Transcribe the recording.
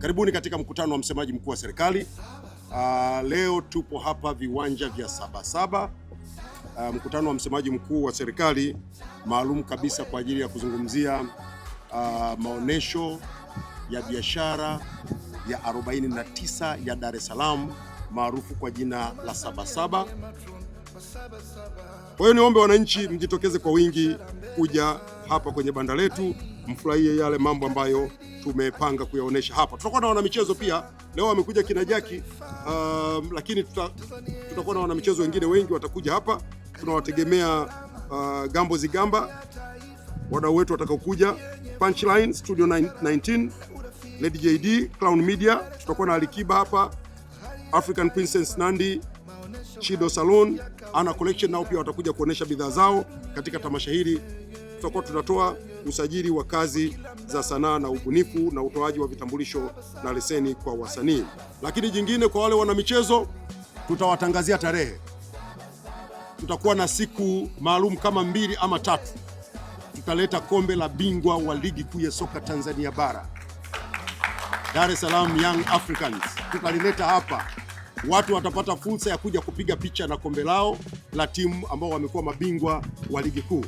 Karibuni katika mkutano wa msemaji mkuu wa serikali. Uh, leo tupo hapa viwanja vya Sabasaba. Uh, ah, mkutano wa msemaji mkuu wa serikali maalum kabisa kwa ajili ya kuzungumzia uh, maonesho ya biashara ya 49 ya Dar es Salaam maarufu kwa jina la Sabasaba. Kwa hiyo niombe wananchi mjitokeze kwa wingi kuja hapa kwenye banda letu mfurahie yale mambo ambayo tumepanga kuyaonesha hapa. Tutakuwa na wanamichezo pia, leo amekuja kina Jaki um, lakini tuta, tutakuwa na wanamichezo wengine wengi watakuja hapa. Tunawategemea uh, Gambo Zigamba, wadau wetu watakaokuja Punchline Studio 19, Lady JD, Clown Media, tutakuwa na Alikiba hapa, African Princess Nandi, Chido Salon ana Collection nao pia watakuja kuonesha bidhaa zao katika tamasha hili. Tutakuwa tunatoa usajili wa kazi za sanaa na ubunifu na utoaji wa vitambulisho na leseni kwa wasanii. Lakini jingine kwa wale wana michezo, tutawatangazia tarehe. Tutakuwa na siku maalum kama mbili ama tatu, tutaleta kombe la bingwa wa ligi kuu ya soka Tanzania bara Dar es Salaam Young Africans tutalileta hapa watu watapata fursa ya kuja kupiga picha na kombe lao la timu ambao wamekuwa mabingwa wa ligi kuu.